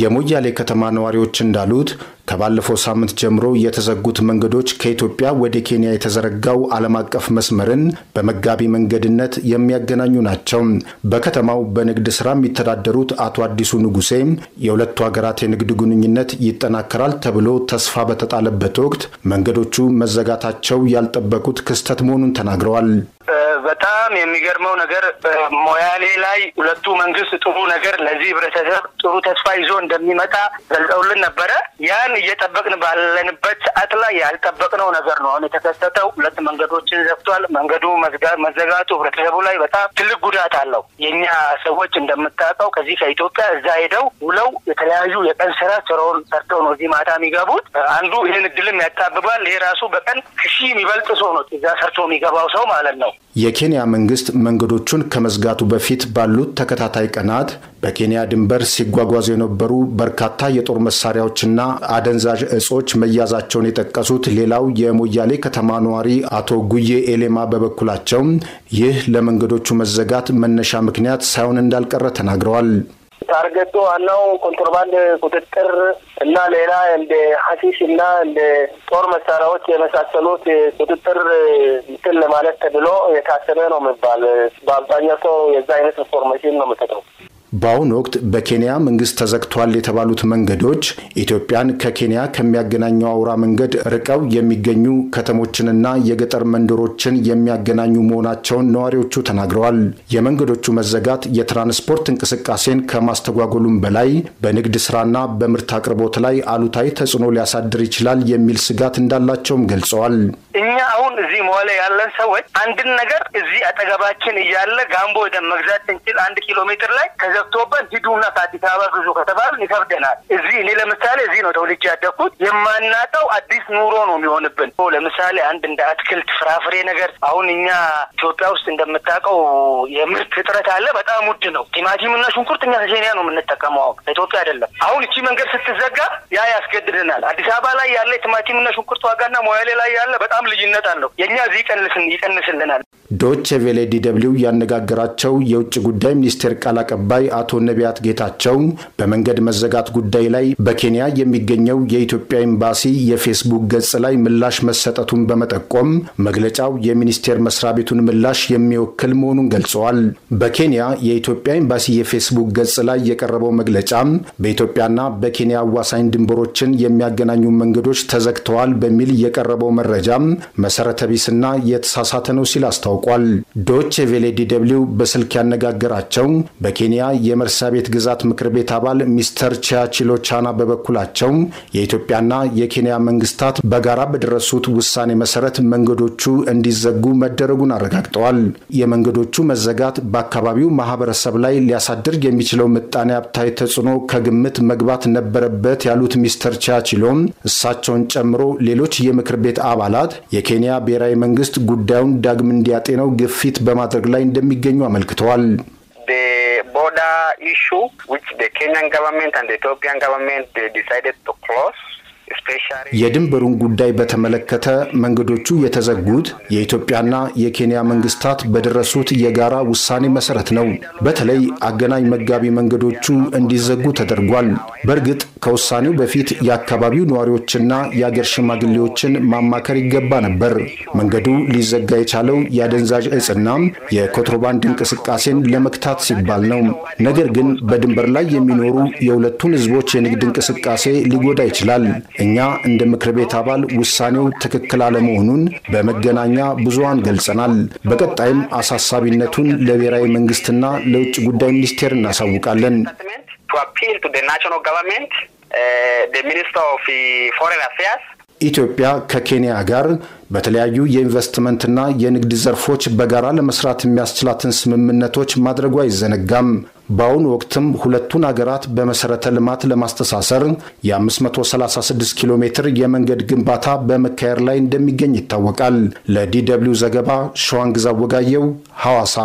የሞያሌ ከተማ ነዋሪዎች እንዳሉት ከባለፈው ሳምንት ጀምሮ የተዘጉት መንገዶች ከኢትዮጵያ ወደ ኬንያ የተዘረጋው ዓለም አቀፍ መስመርን በመጋቢ መንገድነት የሚያገናኙ ናቸው። በከተማው በንግድ ስራ የሚተዳደሩት አቶ አዲሱ ንጉሴ የሁለቱ ሀገራት የንግድ ግንኙነት ይጠናከራል ተብሎ ተስፋ በተጣለበት ወቅት መንገዶቹ መዘጋታቸው ያልጠበቁት ክስተት መሆኑን ተናግረዋል። በጣም የሚገርመው ነገር ሞያሌ ላይ ሁለቱ መንግስት ጥሩ ነገር ለዚህ ህብረተሰብ ጥሩ ተስፋ ይዞ እንደሚመጣ ገልጸውልን ነበረ። ያን እየጠበቅን ባለንበት ሰዓት ላይ ያልጠበቅነው ነገር ነው አሁን የተከሰተው። ሁለት መንገዶችን ዘግቷል። መንገዱ መዘጋቱ ህብረተሰቡ ላይ በጣም ትልቅ ጉዳት አለው። የእኛ ሰዎች እንደምታውቀው ከዚህ ከኢትዮጵያ እዛ ሄደው ውለው የተለያዩ የቀን ስራ ስራውን ሰርተው ነው እዚህ ማታ የሚገቡት። አንዱ ይህን እድልም ያጣብባል። ይሄ ራሱ በቀን ከሺህ የሚበልጥ ሰው ነው እዛ ሰርቶ የሚገባው ሰው ማለት ነው። የኬንያ መንግስት መንገዶቹን ከመዝጋቱ በፊት ባሉት ተከታታይ ቀናት በኬንያ ድንበር ሲጓጓዙ የነበሩ በርካታ የጦር መሳሪያዎችና አደንዛዥ እጾች መያዛቸውን የጠቀሱት ሌላው የሞያሌ ከተማ ነዋሪ አቶ ጉዬ ኤሌማ በበኩላቸው ይህ ለመንገዶቹ መዘጋት መነሻ ምክንያት ሳይሆን እንዳልቀረ ተናግረዋል። ታርገቶ ዋናው ኮንትሮባንድ ቁጥጥር እና ሌላ እንደ ሀሺሽ እና እንደ ጦር መሳሪያዎች የመሳሰሉት ቁጥጥር ምትል ለማለት ተብሎ የታሰበ ነው የሚባል። በአብዛኛው ሰው የዛ አይነት ኢንፎርሜሽን ነው የምሰጠው። በአሁኑ ወቅት በኬንያ መንግስት ተዘግቷል የተባሉት መንገዶች ኢትዮጵያን ከኬንያ ከሚያገናኘው አውራ መንገድ ርቀው የሚገኙ ከተሞችንና የገጠር መንደሮችን የሚያገናኙ መሆናቸውን ነዋሪዎቹ ተናግረዋል። የመንገዶቹ መዘጋት የትራንስፖርት እንቅስቃሴን ከማስተጓጎሉም በላይ በንግድ ስራና በምርት አቅርቦት ላይ አሉታዊ ተጽዕኖ ሊያሳድር ይችላል የሚል ስጋት እንዳላቸውም ገልጸዋል። እኛ አሁን እዚህ መዋለ ያለን ሰዎች አንድን ነገር እዚህ አጠገባችን እያለ ጋምቦ ወደ መግዛት እንችል አንድ ኪሎ ሜትር ላይ ተዘግቶብን ሂዱና ከአዲስ አበባ ግዙ ከተባልን ይከብደናል። እዚህ እኔ ለምሳሌ እዚህ ነው ተውልጅ ያደግኩት። የማናጠው አዲስ ኑሮ ነው የሚሆንብን። ለምሳሌ አንድ እንደ አትክልት ፍራፍሬ ነገር አሁን እኛ ኢትዮጵያ ውስጥ እንደምታውቀው የምርት እጥረት አለ። በጣም ውድ ነው። ቲማቲምና ሽንኩርት እኛ ከኬንያ ነው የምንጠቀመው፣ አሁን ኢትዮጵያ አይደለም። አሁን እቺ መንገድ ስትዘጋ ያ ያስገድደናል። አዲስ አበባ ላይ ያለ ቲማቲምና ሽንኩርት ዋጋና ሞያሌ ላይ ያለ በጣም ልዩነት አለው። የእኛ እዚህ ይቀንስልናል። ዶች ቬሌ ዲ ደብልዩ ያነጋገራቸው የውጭ ጉዳይ ሚኒስቴር ቃል አቀባይ አቶ ነቢያት ጌታቸው በመንገድ መዘጋት ጉዳይ ላይ በኬንያ የሚገኘው የኢትዮጵያ ኤምባሲ የፌስቡክ ገጽ ላይ ምላሽ መሰጠቱን በመጠቆም መግለጫው የሚኒስቴር መስሪያ ቤቱን ምላሽ የሚወክል መሆኑን ገልጸዋል። በኬንያ የኢትዮጵያ ኤምባሲ የፌስቡክ ገጽ ላይ የቀረበው መግለጫ በኢትዮጵያና በኬንያ አዋሳኝ ድንበሮችን የሚያገናኙ መንገዶች ተዘግተዋል በሚል የቀረበው መረጃ መሰረተ ቢስና የተሳሳተ ነው ሲል አስታውቋል። ዶች ቬሌ ዲ በስልክ ያነጋገራቸው በኬንያ ቤት ግዛት ምክር ቤት አባል ሚስተር ቻችሎ ቻና በበኩላቸው የኢትዮጵያና የኬንያ መንግስታት በጋራ በደረሱት ውሳኔ መሰረት መንገዶቹ እንዲዘጉ መደረጉን አረጋግጠዋል። የመንገዶቹ መዘጋት በአካባቢው ማህበረሰብ ላይ ሊያሳድር የሚችለው ምጣኔ ሀብታዊ ተጽዕኖ ከግምት መግባት ነበረበት ያሉት ሚስተር ቻችሎ እሳቸውን ጨምሮ ሌሎች የምክር ቤት አባላት የኬንያ ብሔራዊ መንግስት ጉዳዩን ዳግም እንዲያጤነው ግፊት በማድረግ ላይ እንደሚገኙ አመልክተዋል። border issue, which the Kenyan government and the Ethiopian government they decided to close የድንበሩን ጉዳይ በተመለከተ መንገዶቹ የተዘጉት የኢትዮጵያና የኬንያ መንግስታት በደረሱት የጋራ ውሳኔ መሰረት ነው። በተለይ አገናኝ መጋቢ መንገዶቹ እንዲዘጉ ተደርጓል። በእርግጥ ከውሳኔው በፊት የአካባቢው ነዋሪዎችና የአገር ሽማግሌዎችን ማማከር ይገባ ነበር። መንገዱ ሊዘጋ የቻለው የአደንዛዥ እጽና የኮንትሮባንድ እንቅስቃሴን ለመክታት ሲባል ነው። ነገር ግን በድንበር ላይ የሚኖሩ የሁለቱን ህዝቦች የንግድ እንቅስቃሴ ሊጎዳ ይችላል። እኛ እንደ ምክር ቤት አባል ውሳኔው ትክክል አለመሆኑን በመገናኛ ብዙሃን ገልጸናል። በቀጣይም አሳሳቢነቱን ለብሔራዊ መንግስትና ለውጭ ጉዳይ ሚኒስቴር እናሳውቃለን። ኢትዮጵያ ከኬንያ ጋር በተለያዩ የኢንቨስትመንትና የንግድ ዘርፎች በጋራ ለመስራት የሚያስችላትን ስምምነቶች ማድረጉ አይዘነጋም። በአሁኑ ወቅትም ሁለቱን አገራት በመሰረተ ልማት ለማስተሳሰር የ536 ኪሎ ሜትር የመንገድ ግንባታ በመካሄድ ላይ እንደሚገኝ ይታወቃል። ለዲ ደብልዩ ዘገባ ሸዋንግዛ ወጋየው ሐዋሳ